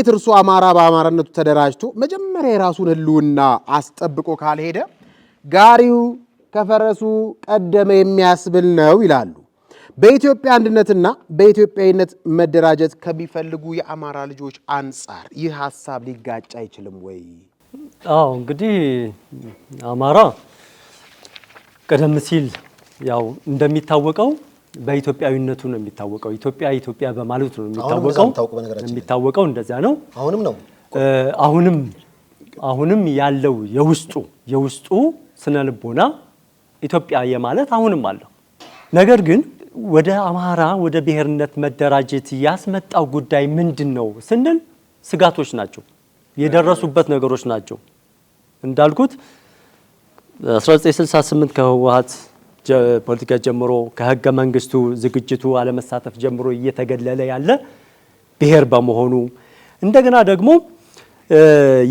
እንዴት እርሱ አማራ በአማራነቱ ተደራጅቶ መጀመሪያ የራሱን ህልውና አስጠብቆ ካልሄደ ጋሪው ከፈረሱ ቀደመ የሚያስብል ነው ይላሉ። በኢትዮጵያ አንድነትና በኢትዮጵያዊነት መደራጀት ከሚፈልጉ የአማራ ልጆች አንጻር ይህ ሀሳብ ሊጋጭ አይችልም ወይ? አዎ እንግዲህ አማራ ቀደም ሲል ያው እንደሚታወቀው በኢትዮጵያዊነቱ ነው የሚታወቀው። ኢትዮጵያ ኢትዮጵያ በማለቱ ነው የሚታወቀው የሚታወቀው እንደዚያ ነው። አሁንም ነው አሁንም አሁንም ያለው የውስጡ የውስጡ ስነ ልቦና ኢትዮጵያ የማለት አሁንም አለው። ነገር ግን ወደ አማራ ወደ ብሔርነት መደራጀት ያስመጣው ጉዳይ ምንድን ነው ስንል ስጋቶች ናቸው፣ የደረሱበት ነገሮች ናቸው። እንዳልኩት 1968 ከህወሀት ፖለቲካ ጀምሮ ከህገ መንግስቱ ዝግጅቱ አለመሳተፍ ጀምሮ እየተገለለ ያለ ብሔር በመሆኑ እንደገና ደግሞ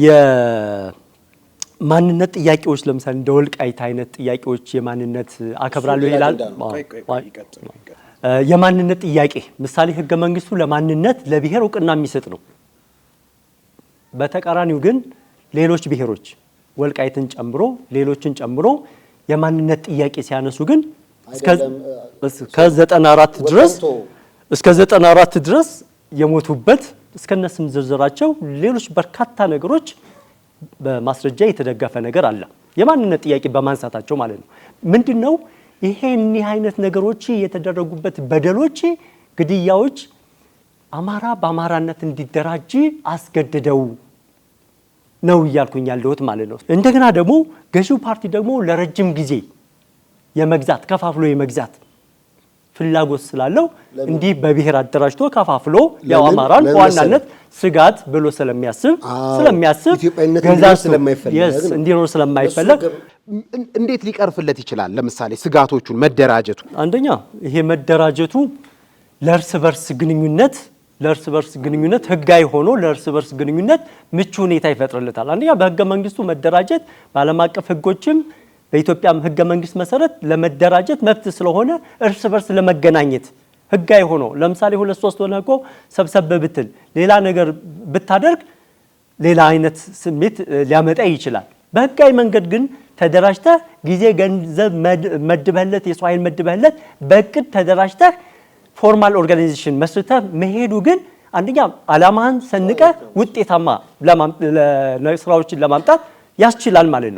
የማንነት ጥያቄዎች ለምሳሌ እንደ ወልቃይት አይነት ጥያቄዎች የማንነት አከብራለሁ ይላል። የማንነት ጥያቄ ምሳሌ ህገ መንግስቱ ለማንነት ለብሔር እውቅና የሚሰጥ ነው። በተቃራኒው ግን ሌሎች ብሔሮች ወልቃይትን ጨምሮ ሌሎችን ጨምሮ የማንነት ጥያቄ ሲያነሱ ግን እስከ 94 ድረስ እስከ 94 ድረስ የሞቱበት እስከነስም ዝርዝራቸው ሌሎች በርካታ ነገሮች በማስረጃ የተደገፈ ነገር አለ። የማንነት ጥያቄ በማንሳታቸው ማለት ነው። ምንድነው ይሄ እኒህ አይነት ነገሮች የተደረጉበት በደሎች፣ ግድያዎች አማራ በአማራነት እንዲደራጅ አስገድደው ነው እያልኩኝ ያለሁት ማለት ነው። እንደገና ደግሞ ገዢው ፓርቲ ደግሞ ለረጅም ጊዜ የመግዛት ከፋፍሎ የመግዛት ፍላጎት ስላለው እንዲህ በብሔር አደራጅቶ ከፋፍሎ ያው አማራን በዋናነት ስጋት ብሎ ስለሚያስብ ስለሚያስብ ገዛት እንዲኖር ስለማይፈለግ እንዴት ሊቀርፍለት ይችላል? ለምሳሌ ስጋቶቹን መደራጀቱ፣ አንደኛ ይሄ መደራጀቱ ለእርስ በርስ ግንኙነት ለእርስ በርስ ግንኙነት ህጋዊ ሆኖ ለእርስ በርስ ግንኙነት ምቹ ሁኔታ ይፈጥርለታል። አንደኛ በህገ መንግስቱ መደራጀት በዓለም አቀፍ ህጎችም በኢትዮጵያም ህገ መንግስት መሰረት ለመደራጀት መብት ስለሆነ እርስ በርስ ለመገናኘት ህጋዊ ሆኖ ለምሳሌ ሁለት ሶስት ሆነ እኮ ሰብሰብ ብትል ሌላ ነገር ብታደርግ ሌላ አይነት ስሜት ሊያመጣ ይችላል። በህጋዊ መንገድ ግን ተደራጅተህ ጊዜ ገንዘብ መድበህለት የሰው ኃይል መድበህለት በእቅድ ተደራጅተህ ፎርማል ኦርጋናይዜሽን መስርተ መሄዱ ግን አንደኛ አላማን ሰንቀ ውጤታማ ስራዎችን ለማምጣት ያስችላል ማለት ነው።